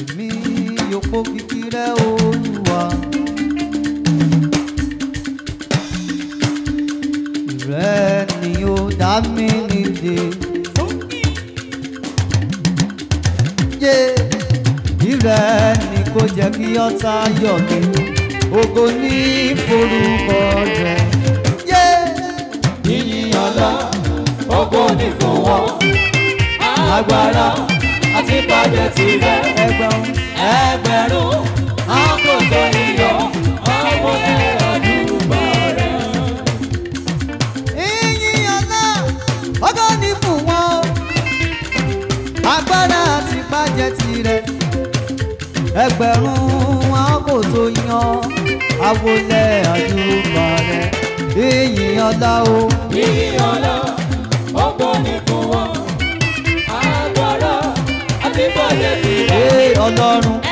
èmi yóò pọ̀ rẹ olúwa. rẹ ni ó dá mi nídìí. yé ìrẹ ni kò jẹ́ kí ọ̀tá yọ̀ mí ògo ní forúkọ rẹ. ye yíyí ọlá ògo ní fún wọn agbára ìbàjẹ́ tirẹ̀ ẹgbẹ̀rún ẹgbẹ̀rún àkóso iyọ̀ ọmọ ẹ̀rọ dùbọ̀ rẹ̀. ìyìn ọ̀la ọgọ́ ni fún wọn agbára àti ìbàjẹ́ tirẹ̀ ẹgbẹ̀rún àkóso iyọ̀ àwọlẹ̀ àdúgbò rẹ̀ ìyìn ọ̀la o. ìyìn ọ̀la. níbo lè fi ọlọ́run.